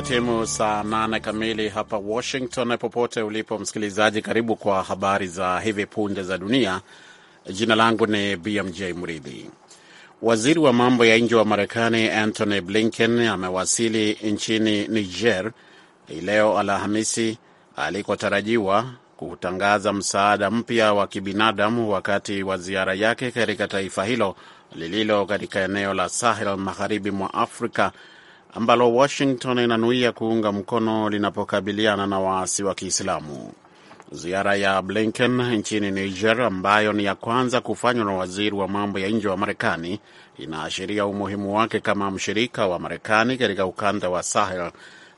Imetimu saa nane kamili hapa Washington. Popote ulipo msikilizaji, karibu kwa habari za hivi punde za dunia. Jina langu ni BMJ Mridhi. Waziri wa mambo ya nje wa Marekani Antony Blinken amewasili nchini Niger ileo leo Alhamisi alikotarajiwa kutangaza msaada mpya wa kibinadamu wakati wa ziara yake katika taifa hilo lililo katika eneo la Sahel magharibi mwa Afrika ambalo Washington inanuia kuunga mkono linapokabiliana na waasi wa Kiislamu. Ziara ya Blinken nchini Niger, ambayo ni ya kwanza kufanywa na waziri wa mambo ya nje wa Marekani, inaashiria umuhimu wake kama mshirika wa Marekani katika ukanda wa Sahel.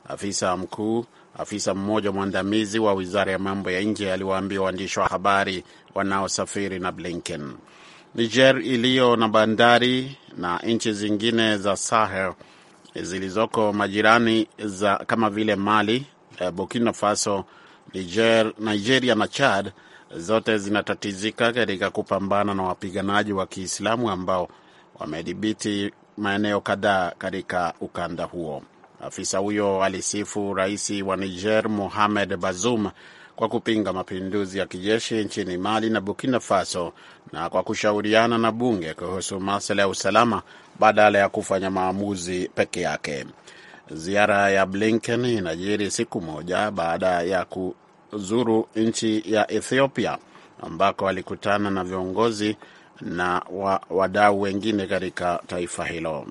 Afisa mkuu afisa mmoja mwandamizi wa wizara ya mambo ya nje aliwaambia waandishi wa habari wanaosafiri na Blinken. Niger iliyo na bandari na nchi zingine za Sahel zilizoko majirani za kama vile Mali, eh, Burkina Faso, Niger, Nigeria na Chad zote zinatatizika katika kupambana na wapiganaji wa Kiislamu ambao wamedhibiti maeneo kadhaa katika ukanda huo. Afisa huyo alisifu rais wa Niger Mohamed Bazoum kwa kupinga mapinduzi ya kijeshi nchini Mali na Burkina Faso na kwa kushauriana na bunge kuhusu masuala ya usalama badala ya kufanya maamuzi peke yake. Ziara ya Blinken inajiri siku moja baada ya kuzuru nchi ya Ethiopia ambako alikutana na viongozi na wadau wengine katika taifa hilo.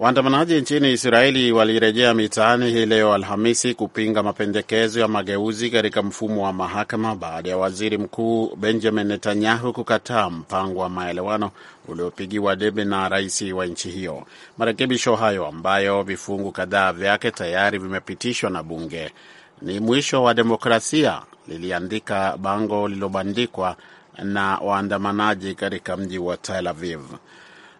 Waandamanaji nchini Israeli walirejea mitaani hii leo Alhamisi kupinga mapendekezo ya mageuzi katika mfumo wa mahakama baada ya waziri mkuu Benjamin Netanyahu kukataa mpango wa maelewano uliopigiwa debe na rais wa nchi hiyo. Marekebisho hayo ambayo vifungu kadhaa vyake tayari vimepitishwa na bunge ni mwisho wa demokrasia, liliandika bango lililobandikwa na waandamanaji katika mji wa Tel Aviv.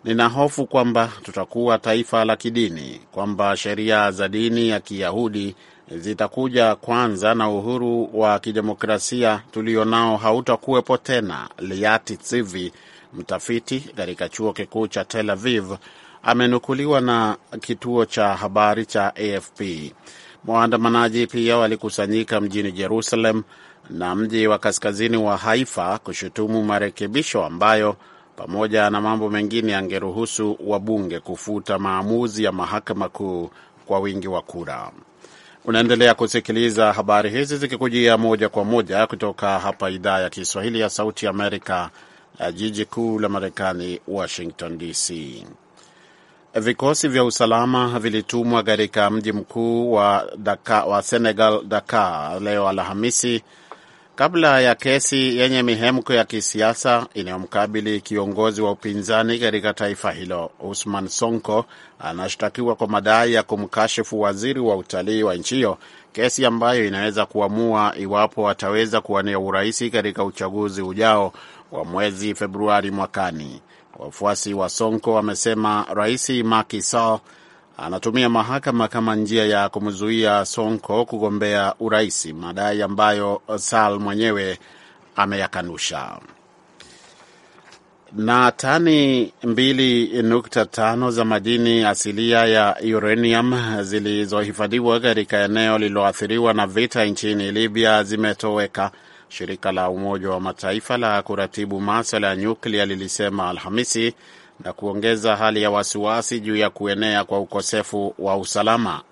Nina hofu kwamba tutakuwa taifa la kidini, kwamba sheria za dini ya Kiyahudi zitakuja kwanza na uhuru wa kidemokrasia tulio nao hautakuwepo tena. Liati Tzivi, mtafiti katika chuo kikuu cha Tel Aviv, amenukuliwa na kituo cha habari cha AFP. Waandamanaji pia walikusanyika mjini Jerusalem na mji wa kaskazini wa Haifa kushutumu marekebisho ambayo pamoja na mambo mengine yangeruhusu wabunge kufuta maamuzi ya mahakama kuu kwa wingi wa kura. Unaendelea kusikiliza habari hizi zikikujia moja kwa moja kutoka hapa idhaa ya Kiswahili ya Sauti ya Amerika, jiji kuu la Marekani, Washington DC. Vikosi vya usalama vilitumwa katika mji mkuu wa, wa Senegal, Dakar, leo Alhamisi kabla ya kesi yenye mihemko ya kisiasa inayomkabili kiongozi wa upinzani katika taifa hilo. Usman Sonko anashtakiwa kwa madai ya kumkashifu waziri wa utalii wa nchi hiyo, kesi ambayo inaweza kuamua iwapo ataweza kuwania uraisi katika uchaguzi ujao wa mwezi Februari mwakani. Wafuasi wa Sonko wamesema Rais Macky Sall anatumia mahakama kama njia ya kumzuia Sonko kugombea urais, madai ambayo Sal mwenyewe ameyakanusha. Na tani 2.5 za madini asilia ya uranium zilizohifadhiwa katika eneo lililoathiriwa na vita nchini Libya zimetoweka, shirika la Umoja wa Mataifa la kuratibu maswala ya nyuklia lilisema Alhamisi na kuongeza hali ya wasiwasi juu ya kuenea kwa ukosefu wa usalama.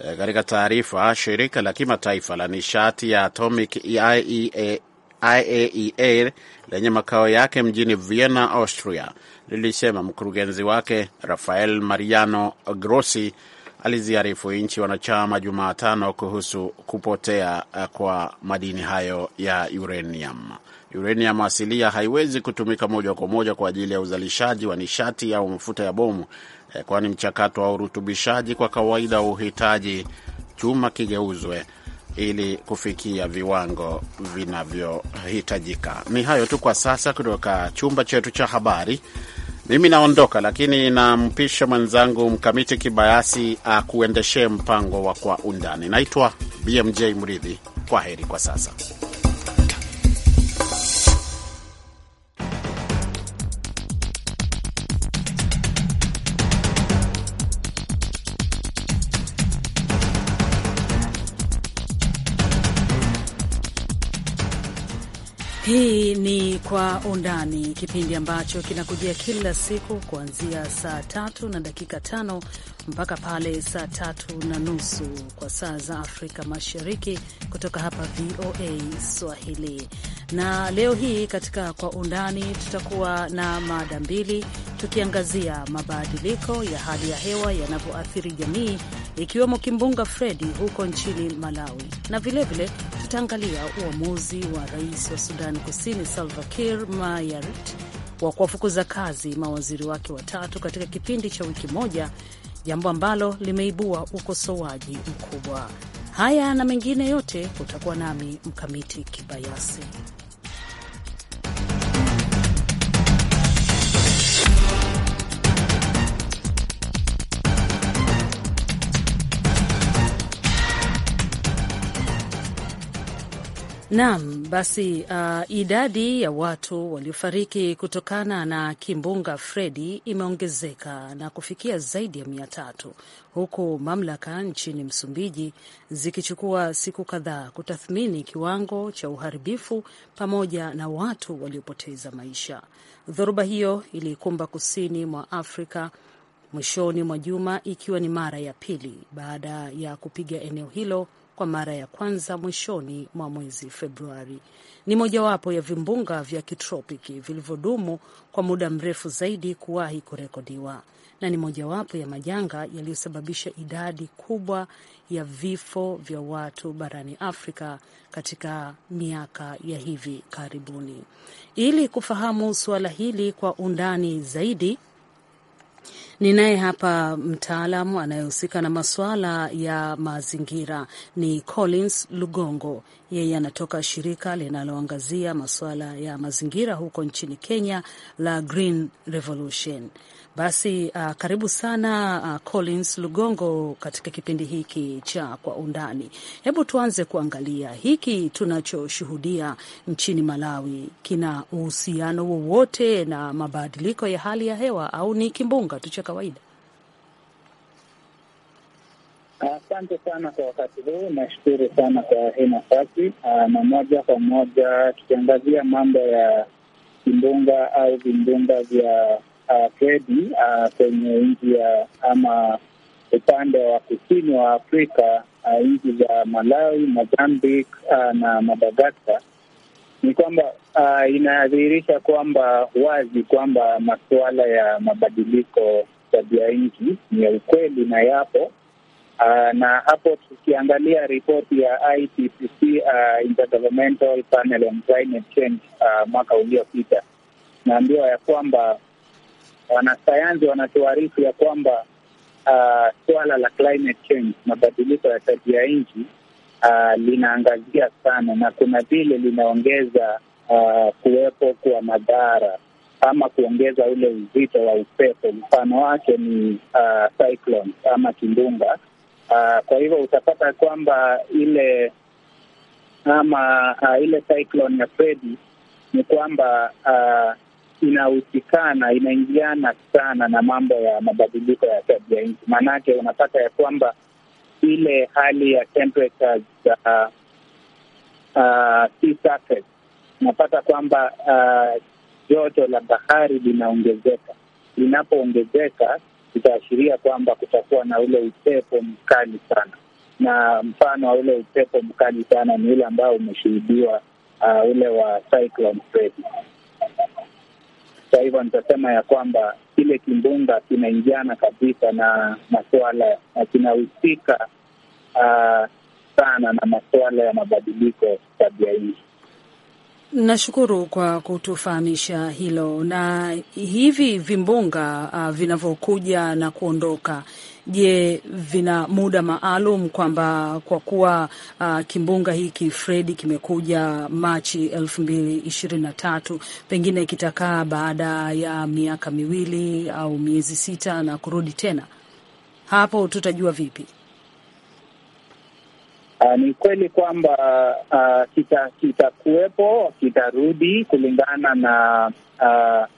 E, katika taarifa, shirika la kimataifa la nishati ya atomic IAEA, IAEA e lenye makao yake mjini Vienna, Austria, lilisema mkurugenzi wake Rafael Mariano Grossi aliziarifu nchi wanachama Jumatano kuhusu kupotea e, kwa madini hayo ya uranium. Uranium asilia haiwezi kutumika moja kwa moja kwa ajili ya uzalishaji wa nishati au mafuta ya bomu, eh, kwani mchakato wa urutubishaji kwa kawaida huhitaji chuma kigeuzwe ili kufikia viwango vinavyohitajika. Ni hayo tu kwa sasa kutoka chumba chetu cha habari. Mimi naondoka, lakini nampisha mwenzangu Mkamiti Kibayasi akuendeshee mpango wa Kwa Undani. Naitwa BMJ Mridhi. Kwa heri kwa sasa. Hii ni Kwa Undani, kipindi ambacho kinakujia kila siku kuanzia saa tatu na dakika tano mpaka pale saa tatu na nusu kwa saa za Afrika Mashariki, kutoka hapa VOA Swahili na leo hii katika Kwa Undani tutakuwa na mada mbili tukiangazia mabadiliko ya hali ya hewa yanavyoathiri jamii ikiwemo kimbunga Fredi huko nchini Malawi, na vilevile tutaangalia uamuzi wa rais wa Sudani Kusini Salva Kiir wa kuwafukuza kazi mawaziri wake watatu katika kipindi cha wiki moja, jambo ambalo limeibua ukosoaji mkubwa. Haya na mengine yote utakuwa nami Mkamiti Kibayasi. Naam, basi uh, idadi ya watu waliofariki kutokana na kimbunga Fredi imeongezeka na kufikia zaidi ya mia tatu huku mamlaka nchini Msumbiji zikichukua siku kadhaa kutathmini kiwango cha uharibifu pamoja na watu waliopoteza maisha. Dhoruba hiyo iliikumba kusini mwa Afrika mwishoni mwa juma ikiwa ni mara ya pili baada ya kupiga eneo hilo kwa mara ya kwanza mwishoni mwa mwezi Februari. Ni mojawapo ya vimbunga vya kitropiki vilivyodumu kwa muda mrefu zaidi kuwahi kurekodiwa na ni mojawapo ya majanga yaliyosababisha idadi kubwa ya vifo vya watu barani Afrika katika miaka ya hivi karibuni. Ili kufahamu suala hili kwa undani zaidi Ninaye hapa mtaalam anayehusika na masuala ya mazingira ni Collins Lugongo. Yeye anatoka shirika linaloangazia masuala ya mazingira huko nchini Kenya la Green Revolution. Basi uh, karibu sana uh, Collins Lugongo katika kipindi hiki cha Kwa Undani. Hebu tuanze kuangalia hiki tunachoshuhudia nchini Malawi, kina uhusiano wowote na mabadiliko ya hali ya hewa au ni kimbunga tu cha kawaida? Asante uh, sana kwa wakati huu. Nashukuru sana kwa hii nafasi uh, na moja kwa moja tukiangazia mambo ya kimbunga au vimbunga vya Uh, Fredi uh, kwenye nchi ya ama upande wa kusini wa Afrika uh, nchi za Malawi, Mozambique uh, na Madagaskar ni kwamba uh, inadhihirisha kwamba wazi kwamba masuala ya mabadiliko tabia nchi ni ya ukweli na yapo. Uh, na hapo tukiangalia ripoti ya IPCC uh, Intergovernmental Panel on Climate Change uh, mwaka uliopita, naambiwa ya kwamba wanasayansi wanatuarifu ya kwamba suala uh, la climate change, mabadiliko ya tabia nchi uh, linaangazia sana na kuna vile linaongeza uh, kuwepo kwa madhara ama kuongeza ule uzito wa upepo. Mfano wake ni uh, ama kimbunga uh, kwa hivyo utapata kwamba ile ama uh, ile cyclone ya Fredi ni kwamba uh, inahusikana, inaingiana sana na mambo ya mabadiliko ya tabia nchi. Maanake unapata ya kwamba ile hali ya temperatures za uh, uh, sea surface unapata kwamba uh, joto la bahari linaongezeka. Linapoongezeka itaashiria kwamba kutakuwa na ule upepo mkali sana, na mfano wa ule upepo mkali sana ni ule ambao umeshuhudiwa, uh, ule wa cyclone Freddy. Kwa hivyo nitasema ya kwamba kile kimbunga kinaingiana kabisa na masuala na kinahusika uh, sana na masuala ya mabadiliko tabia nchi. Nashukuru kwa kutufahamisha hilo. Na hivi vimbunga uh, vinavyokuja na kuondoka Je, vina muda maalum kwamba kwa kuwa uh, kimbunga hiki Fredi kimekuja Machi elfu mbili ishirini na tatu pengine kitakaa baada ya miaka miwili au miezi sita na kurudi tena, hapo tutajua vipi? Uh, ni kweli kwamba uh, kitakuwepo kita kitarudi kulingana na uh,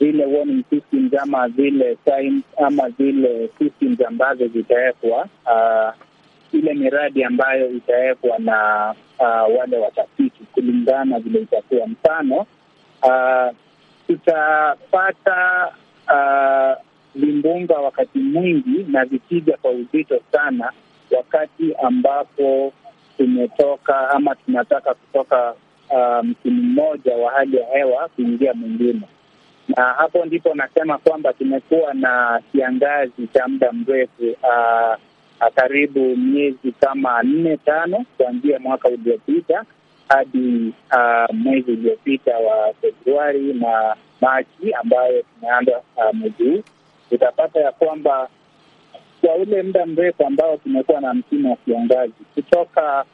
zile warning systems ama zile signs ama zile systems ambazo zitawekwa uh, ile miradi ambayo itawekwa na uh, wale watafiti kulingana vile itakuwa. Mfano uh, tutapata uh, vimbunga wakati mwingi na vikija kwa uzito sana, wakati ambapo tumetoka ama tunataka kutoka msimu um, mmoja wa hali ya hewa kuingia mwingine na ah, hapo ndipo nasema kwamba tumekuwa na kiangazi cha muda mrefu uh, karibu miezi kama nne tano kuanzia mwaka uliopita hadi uh, mwezi uliopita wa Februari na Machi ambayo tumeanza uh, mwezi huu, utapata ya kwamba kwa ule muda mrefu ambao tumekuwa na msimu wa kiangazi, kutoka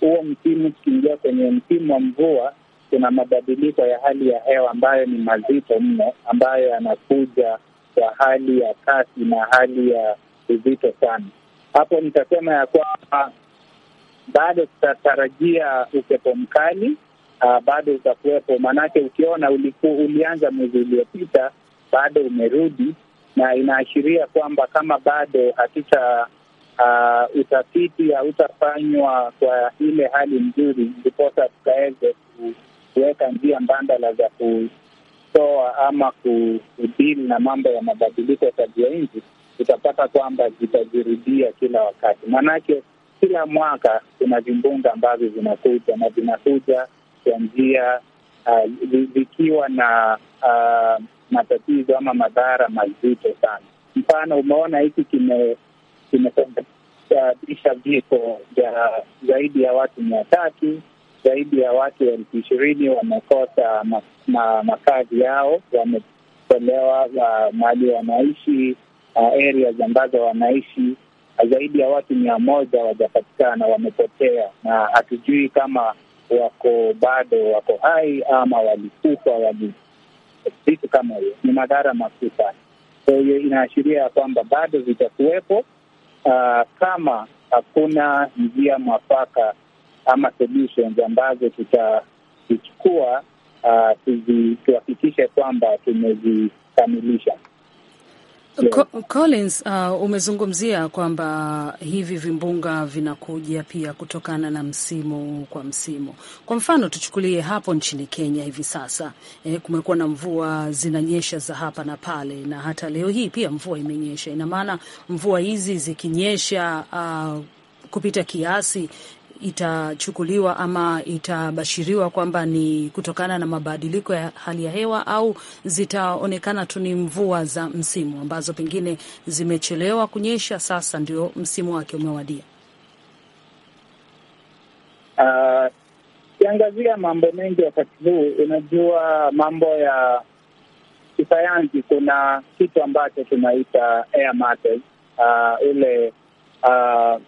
huo msimu tukiingia kwenye msimu wa mvua kuna mabadiliko ya hali ya hewa ambayo ni mazito mno, ambayo yanakuja kwa hali ya kasi na hali ya uzito sana. Hapo nitasema ya kwamba bado tutatarajia upepo mkali uh, bado utakuwepo, maanake ukiona uliku, ulianza mwezi uliopita bado umerudi, na inaashiria kwamba kama bado hatuta uh, ah, utafiti hautafanywa kwa ile hali nzuri, ndiposa tukaweze kuweka njia mbandala za kutoa ama kudili na mambo ya mabadiliko ya tabia nchi, utapata kwamba zitajirudia kila wakati, maanake kila mwaka kuna vimbunga ambavyo vinakuja na vinakuja kwa njia uh, ah, vikiwa na uh, matatizo ama madhara mazito sana. Mfano, umeona hiki kimesababisha kime, uh, vifo vya zaidi ya watu mia tatu zaidi ya watu elfu ishirini wamekosa ma, ma, makazi yao, wametolewa mahali wanaishi, areas ambazo wanaishi. Zaidi ya watu mia moja wajapatikana, wamepotea, na hatujui kama wako bado wako hai ama walikufa, wali vitu kama hiyo. Ni madhara makuu sana. Kwa hiyo inaashiria ya kwamba bado vitakuwepo, uh, kama hakuna njia mwafaka ama solutions ambazo tutazichukua uh, tuhakikishe kwamba tumezikamilisha. Co Collins, uh, umezungumzia kwamba hivi vimbunga vinakuja pia kutokana na msimu kwa msimu. Kwa mfano tuchukulie hapo nchini Kenya hivi sasa eh, kumekuwa na mvua zinanyesha za hapa na pale, na hata leo hii pia mvua imenyesha. Ina maana mvua hizi zikinyesha uh, kupita kiasi itachukuliwa ama itabashiriwa kwamba ni kutokana na mabadiliko ya hali ya hewa au zitaonekana tu ni mvua za msimu ambazo pengine zimechelewa kunyesha, sasa ndio msimu wake umewadia? Ah, ukiangazia uh, mambo mengi wakati huu, unajua mambo ya kisayansi, kuna kitu ambacho tunaita air masses, ah, uh, ile uh, ah,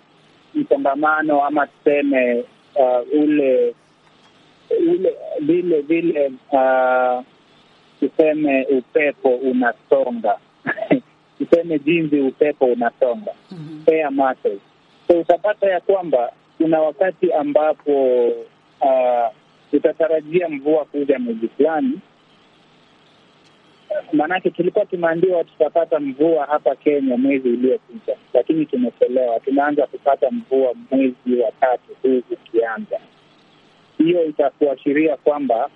msongamano ama tuseme uh, ule ule vile vile uh, tuseme upepo unasonga tuseme jinsi upepo unasonga mm -hmm. air masses. So utapata ya kwamba kuna wakati ambapo uh, utatarajia mvua kuja mwezi fulani maanake tulikuwa tumeambiwa tutapata mvua hapa Kenya mwezi uliopita, lakini tumechelewa. tunaanza kupata mvua mwezi wa tatu huu ukianza. Hiyo itakuashiria kwamba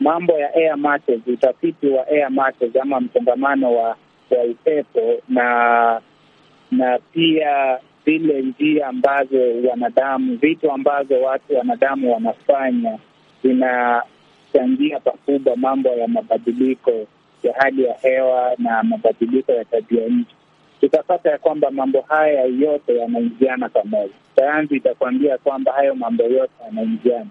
mambo ya air masses, utafiti wa air masses ama msongamano wa wa upepo na na pia zile njia ambazo wanadamu, vitu ambazo watu wanadamu wanafanya kuchangia pakubwa mambo ya mabadiliko ya hali ya hewa na mabadiliko ya tabia nchi, tutapata ya kwamba mambo haya yote yanaingiana pamoja. Sayansi itakuambia kwamba hayo mambo yote yanaingiana.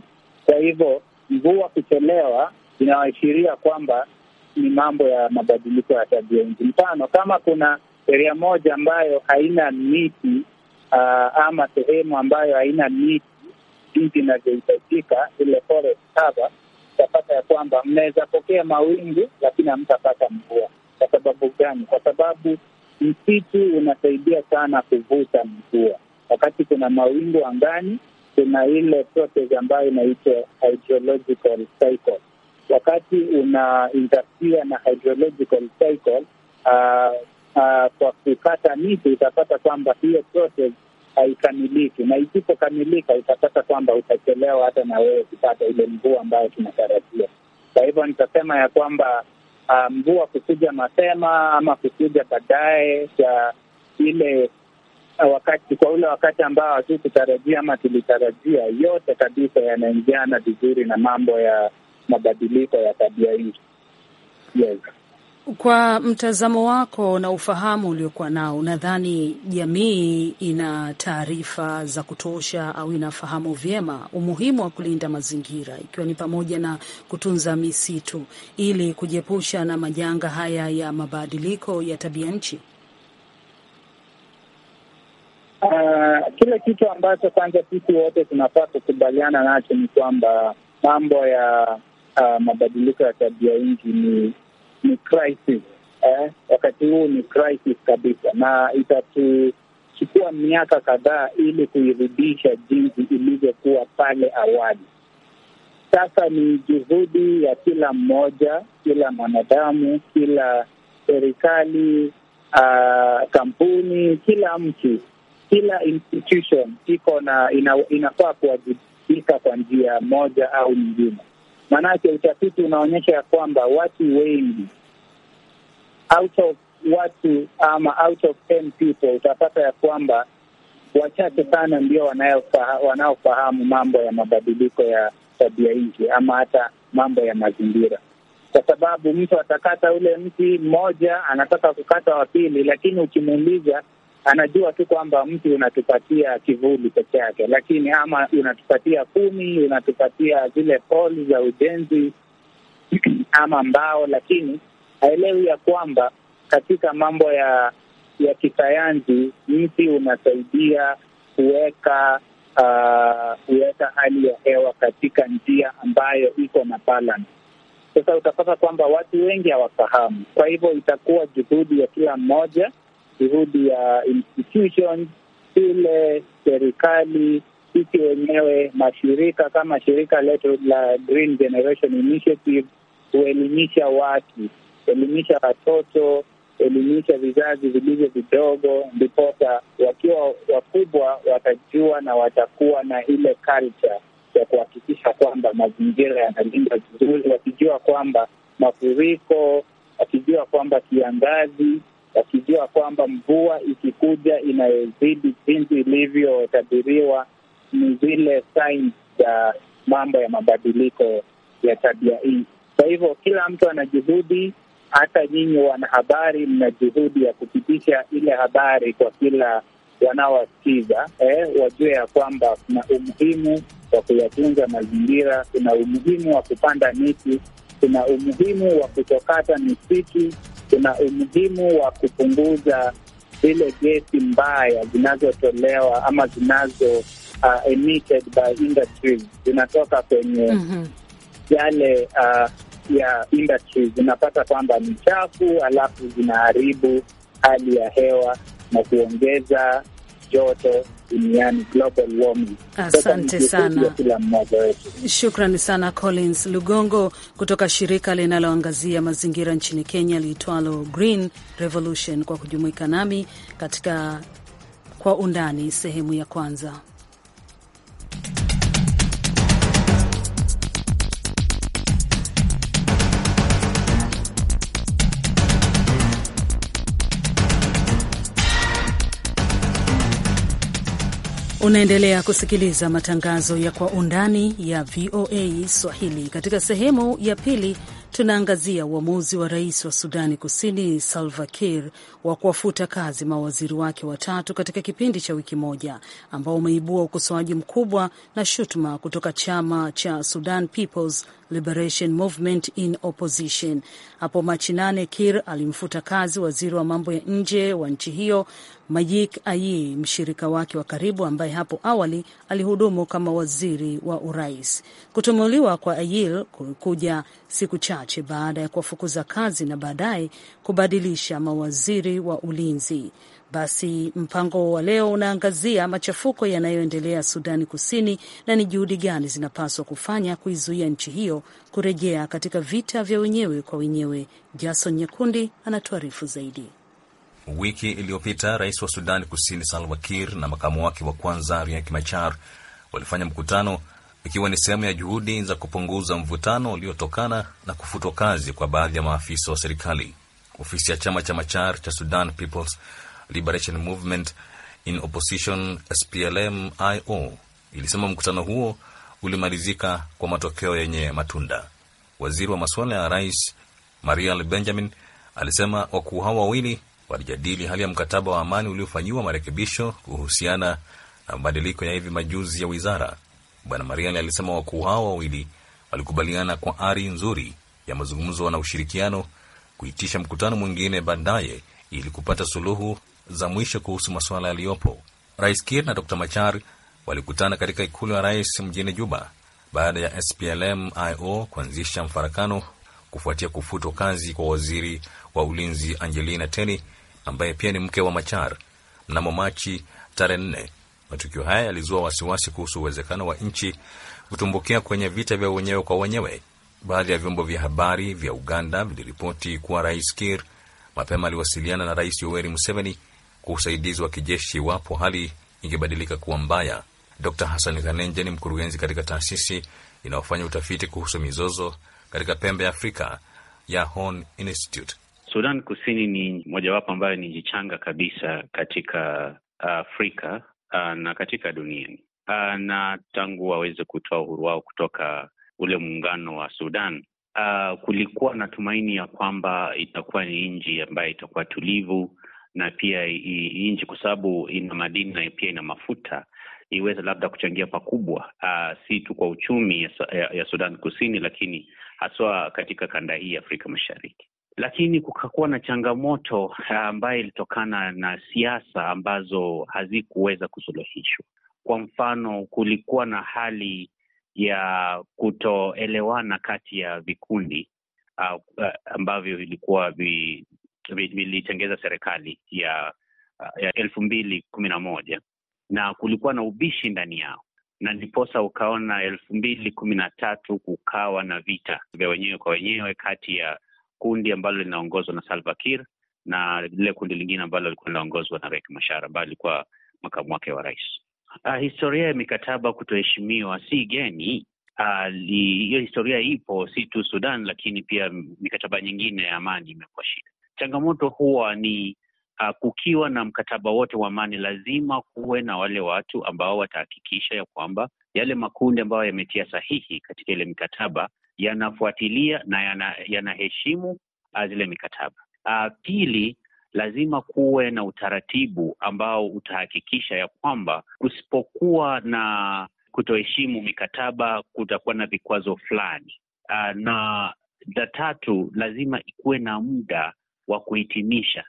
Kwa hivyo mvua kuchelewa inaashiria kwamba ni mambo ya mabadiliko ya tabia nchi. Mfano, kama kuna sheria moja ambayo haina miti uh, ama sehemu ambayo haina miti jinsi inavyohitajika, ile forest cover utapata ya kwamba mnaweza pokea mawingu lakini hamtapata mvua. Kwa sababu gani? Kwa sababu msitu unasaidia sana kuvuta mvua. Wakati kuna mawingu angani, kuna ile process ambayo inaitwa hydrological cycle. Wakati una interfere na hydrological cycle, uh, uh, kwa kukata miti utapata kwamba hiyo process haikamiliki, na isipokamilika utapata kwamba utachelewa hata na wewe kupata ile mvua ambayo tunatarajia. Kwa hivyo nitasema ya kwamba uh, mvua kukuja mapema ama kukuja baadaye ya ile wakati kwa ule wakati ambao hatukutarajia ama tulitarajia, yote kabisa yanaingiana vizuri na mambo ya mabadiliko ya tabia nchi. Yes. Kwa mtazamo wako na ufahamu uliokuwa nao, unadhani jamii ina taarifa za kutosha au inafahamu vyema umuhimu wa kulinda mazingira, ikiwa ni pamoja na kutunza misitu ili kujiepusha na majanga haya ya mabadiliko ya tabia nchi? Uh, kile kitu ambacho kwanza sisi wote tunafaa kukubaliana nacho ni kwamba mambo ya uh, mabadiliko ya tabia nchi ni ni crisis eh? Wakati huu ni crisis kabisa, na itatuchukua miaka kadhaa ili kuirudisha jinsi ilivyokuwa pale awali. Sasa ni juhudi ya kila mmoja, kila mwanadamu, kila serikali, uh, kampuni, kila mtu, kila institution iko na inafaa kuwajibika kwa njia moja au nyingine. Maanake utafiti unaonyesha ya kwamba watu wengi out of watu ama out of ten people utapata ya kwamba wachache sana ndio wanaofahamu mambo ya mabadiliko ya tabia nchi ama hata mambo ya mazingira, kwa sababu mtu atakata ule mti mmoja, anataka kukata wa pili, lakini ukimuuliza anajua tu kwamba mti unatupatia kivuli peke yake, lakini ama unatupatia kumi, unatupatia zile poli za ujenzi ama mbao, lakini haelewi ya kwamba katika mambo ya ya kisayansi mti unasaidia kuweka uh, kuweka uh, hali ya hewa katika njia ambayo iko na balance. Sasa utapata kwamba watu wengi hawafahamu, kwa hivyo itakuwa juhudi ya kila mmoja juhudi ya institution, shule, serikali, sisi wenyewe, mashirika kama shirika letu la Green Generation Initiative, kuelimisha watu, elimisha watoto, kuelimisha vizazi vilivyo vidogo, ndiposa wakiwa wakubwa watajua na watakuwa na ile culture ya kuhakikisha kwamba mazingira yanalindwa vizuri, wakijua kwamba mafuriko, wakijua kwamba kiangazi wakijua kwamba mvua ikikuja inayozidi jinsi ilivyotabiriwa ni zile signs za mambo ya mabadiliko ya tabia hii. Kwa hivyo kila mtu ana juhudi, hata nyinyi wanahabari mna juhudi ya kupitisha ile habari kwa kila wanaowasikiza eh, wajue ya kwamba kuna umuhimu wa kuyatunza mazingira, kuna umuhimu wa kupanda miti kuna umuhimu wa kutokata misitu, kuna umuhimu wa kupunguza zile gesi mbaya zinazotolewa ama zinazo uh, emitted by industries zinatoka kwenye mm -hmm. yale uh, ya industries zinapata kwamba ni chafu, alafu zinaharibu hali ya hewa na kuongeza joto yani global warming. Asante sana, kila Shukrani sana Collins Lugongo kutoka shirika linaloangazia mazingira nchini Kenya liitwalo Green Revolution kwa kujumuika nami katika kwa undani sehemu ya kwanza. Unaendelea kusikiliza matangazo ya kwa undani ya VOA Swahili. Katika sehemu ya pili, tunaangazia uamuzi wa rais wa Sudani Kusini Salva Kiir wa kuwafuta kazi mawaziri wake watatu katika kipindi cha wiki moja, ambao umeibua ukosoaji mkubwa na shutuma kutoka chama cha Sudan People's Liberation Movement in Opposition. Hapo Machi nane, Kir alimfuta kazi waziri wa mambo ya nje wa nchi hiyo Majik Ayi, mshirika wake wa karibu ambaye hapo awali alihudumu kama waziri wa urais. Kutumuliwa kwa Ayil kuja siku chache baada ya kuwafukuza kazi na baadaye kubadilisha mawaziri wa ulinzi. Basi mpango wa leo unaangazia machafuko yanayoendelea Sudani Kusini na ni juhudi gani zinapaswa kufanya kuizuia nchi hiyo kurejea katika vita vya wenyewe kwa wenyewe. Jason nyekundi anatuarifu zaidi. Wiki iliyopita rais wa Sudan Kusini Salva Kiir na makamu wake wa kwanza Riek Machar walifanya mkutano ikiwa ni sehemu ya juhudi za kupunguza mvutano uliotokana na kufutwa kazi kwa baadhi ya maafisa wa serikali. Ofisi ya chama cha Machar cha Sudan People's Liberation Movement in Opposition SPLM-IO ilisema mkutano huo ulimalizika kwa matokeo yenye matunda. Waziri wa masuala ya rais Marial Benjamin alisema wakuu hao wawili walijadili hali ya mkataba wa amani uliofanyiwa marekebisho kuhusiana na mabadiliko ya hivi majuzi ya wizara. Bwana Mariani alisema wakuu hao wawili walikubaliana kwa ari nzuri ya mazungumzo na ushirikiano kuitisha mkutano mwingine baadaye ili kupata suluhu za mwisho kuhusu masuala yaliyopo. Rais Kiir na Dr Machar walikutana katika ikulu ya rais mjini Juba baada ya SPLM-IO kuanzisha mfarakano kufuatia kufutwa kazi kwa waziri wa ulinzi Angelina Teny ambaye pia ni mke wa Machar mnamo Machi tarehe nne. Matukio haya yalizua wasiwasi kuhusu uwezekano wa nchi kutumbukia kwenye vita vya wenyewe kwa wenyewe. Baadhi ya vyombo vya habari vya Uganda viliripoti kuwa Rais kir mapema aliwasiliana na Rais Yoweri Museveni kwa usaidizi wa kijeshi iwapo hali ingebadilika kuwa mbaya. Dr Hassan Kanenje ni mkurugenzi katika taasisi inayofanya utafiti kuhusu mizozo katika pembe ya Afrika ya Horn Institute. Sudan Kusini ni mojawapo ambayo ni jichanga kabisa katika ah, Afrika ah, na katika duniani, ah, na tangu waweze kutoa uhuru wao kutoka ule muungano wa Sudan, kulikuwa na tumaini ya kwamba itakuwa ni nchi ambayo itakuwa tulivu na pia nchi kwa sababu ina madini na pia ina mafuta iweze labda kuchangia pakubwa, uh, si tu kwa uchumi ya, ya Sudan Kusini, lakini haswa katika kanda hii ya Afrika Mashariki lakini kukakuwa na changamoto eh, ambayo ilitokana na siasa ambazo hazikuweza kusuluhishwa. Kwa mfano, kulikuwa na hali ya kutoelewana kati ya vikundi uh, uh, ambavyo vilikuwa vilitengeza serikali ya eh, ya elfu mbili kumi na moja na kulikuwa na ubishi ndani yao na ndiposa ukaona elfu mbili kumi na tatu kukawa na vita vya wenyewe kwa wenyewe kati ya kundi ambalo linaongozwa na Salva Kiir na lile kundi lingine ambalo lilikuwa linaongozwa na Riek Machar ambaye alikuwa makamu wake wa rais. Uh, historia ya mikataba kutoheshimiwa si geni ah, hiyo. Uh, historia ipo si tu Sudan, lakini pia mikataba nyingine ya amani imekuwa shida. Changamoto huwa ni uh, kukiwa na mkataba wote wa amani, lazima kuwe na wale watu ambao watahakikisha ya kwamba yale makundi ambayo yametia sahihi katika ile mikataba yanafuatilia na yanaheshimu yana ah, zile mikataba. Uh, pili lazima kuwe na utaratibu ambao utahakikisha ya kwamba kusipokuwa na kutoheshimu mikataba kutakuwa na vikwazo fulani. Uh, na la tatu lazima ikuwe na muda wa kuhitimisha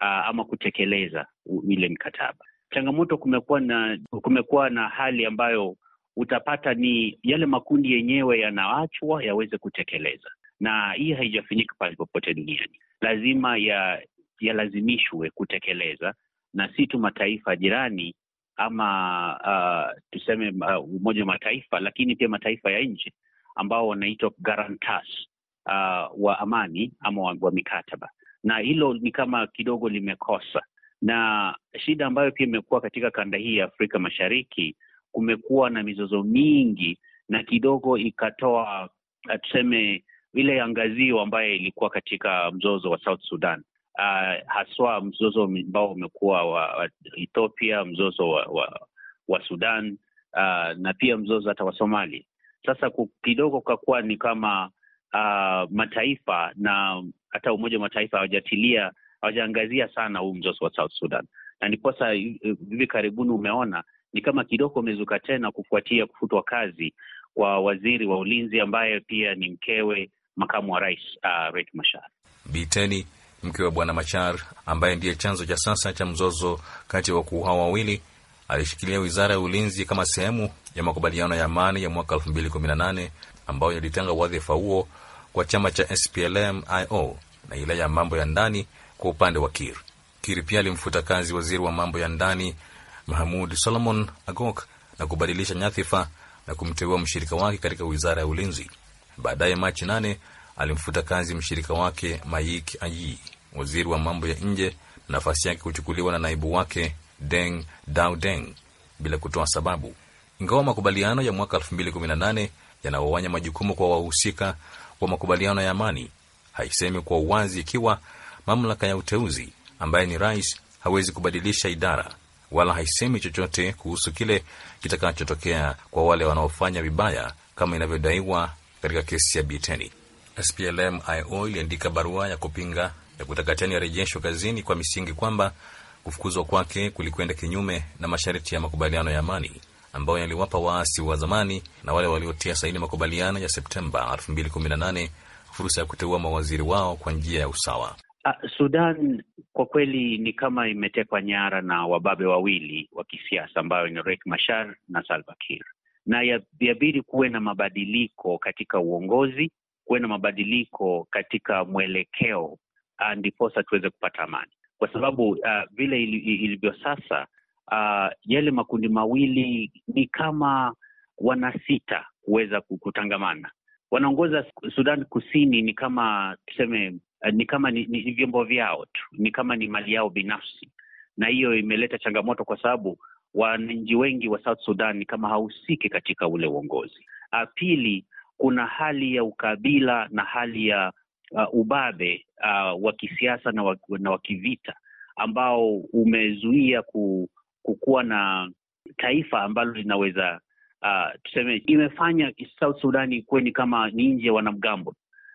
uh, ama kutekeleza ile mikataba. Changamoto kumekuwa na kumekuwa na hali ambayo utapata ni yale makundi yenyewe yanaachwa yaweze kutekeleza, na hii haijafanyika pale popote duniani. Lazima ya yalazimishwe kutekeleza, na si tu mataifa jirani ama uh, tuseme uh, Umoja wa Mataifa, lakini pia mataifa ya nje ambao wanaitwa guarantors uh, wa amani ama wa, wa mikataba, na hilo ni kama kidogo limekosa. Na shida ambayo pia imekuwa katika kanda hii ya Afrika Mashariki kumekuwa na mizozo mingi na kidogo ikatoa uh, tuseme ile angazio ambayo ilikuwa katika mzozo wa South Sudan. Uh, haswa mzozo ambao umekuwa wa Ethiopia, mzozo wa, wa, wa Sudan uh, na pia mzozo hata wa Somali. Sasa kidogo kakuwa ni kama uh, mataifa na hata Umoja wa Mataifa hawajatilia hawajaangazia sana huu mzozo wa South Sudan, na niposa uh, hivi karibuni umeona ni kama kidogo amezuka tena kufuatia kufutwa kazi kwa waziri wa ulinzi ambaye pia ni mkewe makamu wa rais uh, Riek Machar. Biteni, mke wa bwana Machar, ambaye ndiye chanzo cha sasa cha mzozo kati ya wakuu hao wawili, alishikilia wizara ya ulinzi kama sehemu ya makubaliano ya amani ya mwaka 2018 ambayo yalitenga wadhifa huo kwa chama cha SPLM-IO na ile ya mambo ya ndani kwa upande wa Kir. Kir pia alimfuta kazi waziri wa mambo ya ndani Mahamud Solomon Agok na kubadilisha nyadhifa na kumteua mshirika wake katika wizara ya ulinzi. Baadaye Machi nane alimfuta kazi mshirika wake Mayik Ayi, waziri wa mambo ya nje, na nafasi yake kuchukuliwa na naibu wake Deng Daudeng bila kutoa sababu. Ingawa makubaliano ya mwaka 2018 yanawawanya majukumu kwa wahusika wa makubaliano ya amani, haisemi kwa uwazi ikiwa mamlaka ya uteuzi ambaye ni rais hawezi kubadilisha idara wala haisemi chochote kuhusu kile kitakachotokea kwa wale wanaofanya vibaya kama inavyodaiwa katika kesi ya Biteni. SPLM-IO iliandika barua ya kupinga ya kutaka Tiani arejeshwe kazini kwa misingi kwamba kufukuzwa kwake kulikwenda kinyume na masharti ya makubaliano ya amani ambayo yaliwapa waasi wa zamani na wale waliotia saini makubaliano ya Septemba 2018 fursa ya kuteua mawaziri wao kwa njia ya usawa. Ah, Sudan kwa kweli ni kama imetekwa nyara na wababe wawili wa kisiasa ambayo ni Riek Machar na Salva Kiir, na yabidi kuwe na mabadiliko katika uongozi, kuwe na mabadiliko katika mwelekeo, ah, ndiposa tuweze kupata amani, kwa sababu ah, vile ilivyo sasa uh, yale makundi mawili ni kama wanasita kuweza kutangamana. Wanaongoza Sudan Kusini ni kama tuseme Eh, ni kama ni, ni vyombo vyao tu, ni kama ni mali yao binafsi, na hiyo imeleta changamoto kwa sababu wananchi wengi wa South Sudan ni kama hahusiki katika ule uongozi. Ah, pili, kuna hali ya ukabila na hali ya uh, ubabe uh, wa kisiasa na wa, na wa kivita ambao umezuia ku, kukuwa na taifa ambalo linaweza uh, tuseme imefanya South Sudan ikuwe ni kama ni nje ya wanamgambo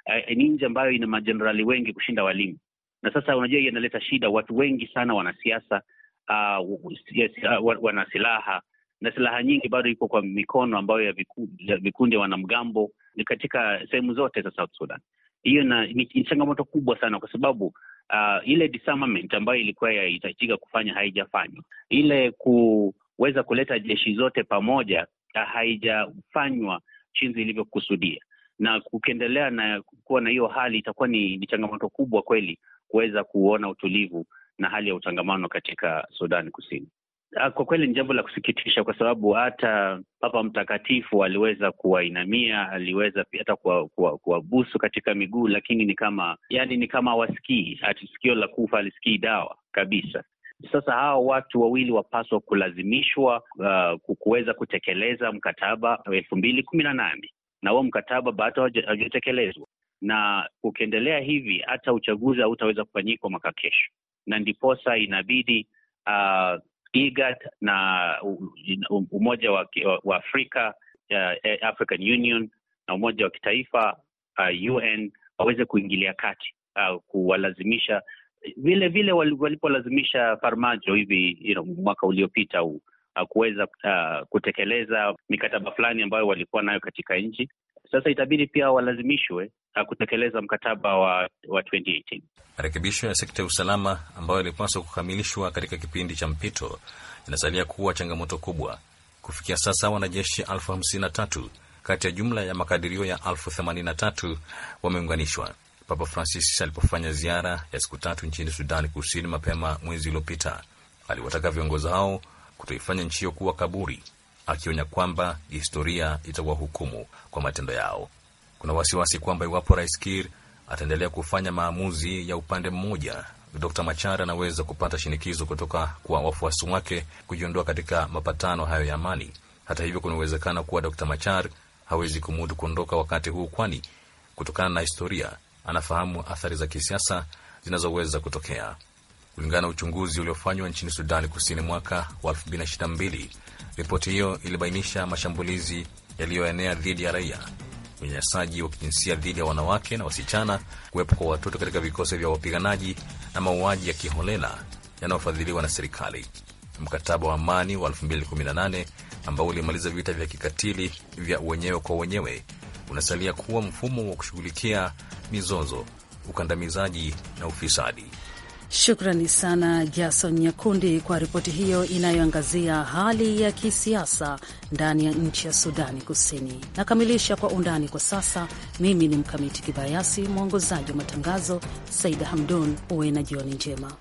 uh, ni nchi ambayo ina majenerali wengi kushinda walimu, na sasa unajua hiyo inaleta shida. Watu wengi sana wanasiasa uh, ah, yes, uh, eh, ah, wana silaha na silaha nyingi bado iko kwa mikono ambayo ya vikundi ya wanamgambo katika sehemu zote za South Sudan. Hiyo ni changamoto kubwa sana, kwa sababu uh, ile disarmament ambayo ilikuwa yahitajika kufanya haijafanywa, ile kuweza kuleta jeshi zote pamoja haijafanywa chinzi ilivyokusudia na kukiendelea na kuwa na hiyo hali itakuwa ni, ni changamoto kubwa kweli kuweza kuona utulivu na hali ya utangamano katika Sudan Kusini. Ah, kwa kweli ni jambo la kusikitisha, kwa sababu hata Papa Mtakatifu aliweza kuwainamia, aliweza pia hata kuwabusu katika miguu, lakini ni kama yani, ni kama hawasikii, ati sikio la kufa alisikii dawa kabisa. Sasa hawa watu wawili wapaswa kulazimishwa uh, kuweza kutekeleza mkataba wa elfu mbili kumi na nane na huo mkataba bado haujatekelezwa, na ukiendelea hivi hata uchaguzi hautaweza kufanyika mwaka kesho, na ndiposa inabidi uh, IGAD na Umoja wa, wa Afrika uh, eh, African Union na Umoja wa Kitaifa uh, UN waweze kuingilia kati uh, kuwalazimisha vile vile walipolazimisha Farmajo hivi you know, mwaka uliopita huu kuweza uh, ah, kutekeleza mikataba fulani ambayo walikuwa nayo katika nchi. Sasa itabidi pia walazimishwe ah, kutekeleza mkataba wa, wa 2018. Marekebisho ya sekta ya usalama ambayo yalipaswa kukamilishwa katika kipindi cha mpito inasalia kuwa changamoto kubwa. Kufikia sasa wanajeshi elfu hamsini na tatu kati ya jumla ya makadirio ya elfu themanini na tatu wameunganishwa. Papa Francis alipofanya ziara ya siku tatu nchini Sudani Kusini mapema mwezi uliopita, aliwataka viongozi hao kutoifanya nchi hiyo kuwa kaburi, akionya kwamba historia itawahukumu kwa matendo yao. Kuna wasiwasi kwamba iwapo Rais Kir ataendelea kufanya maamuzi ya upande mmoja, Dr Machar anaweza kupata shinikizo kutoka kwa wafuasi wake kujiondoa katika mapatano hayo ya amani. Hata hivyo, kuna uwezekano kuwa Dr Machar hawezi kumudu kuondoka wakati huu, kwani kutokana na historia anafahamu athari za kisiasa zinazoweza kutokea kulingana na uchunguzi uliofanywa nchini Sudani Kusini mwaka wa 2022. Ripoti hiyo ilibainisha mashambulizi yaliyoenea dhidi ya raia, unyanyasaji wa kijinsia dhidi ya wanawake na wasichana, kuwepo kwa watoto katika vikosi vya wapiganaji na mauaji ya kiholela yanayofadhiliwa na serikali. Mkataba wa amani wa 2018 ambao ulimaliza vita vya kikatili vya wenyewe kwa wenyewe unasalia kuwa mfumo wa kushughulikia mizozo, ukandamizaji na ufisadi. Shukrani sana Jason Nyakundi kwa ripoti hiyo inayoangazia hali ya kisiasa ndani ya nchi ya Sudani Kusini. Nakamilisha kwa undani kwa sasa. Mimi ni Mkamiti Kibayasi, mwongozaji wa matangazo Saida Hamdun. Uwe na jioni njema.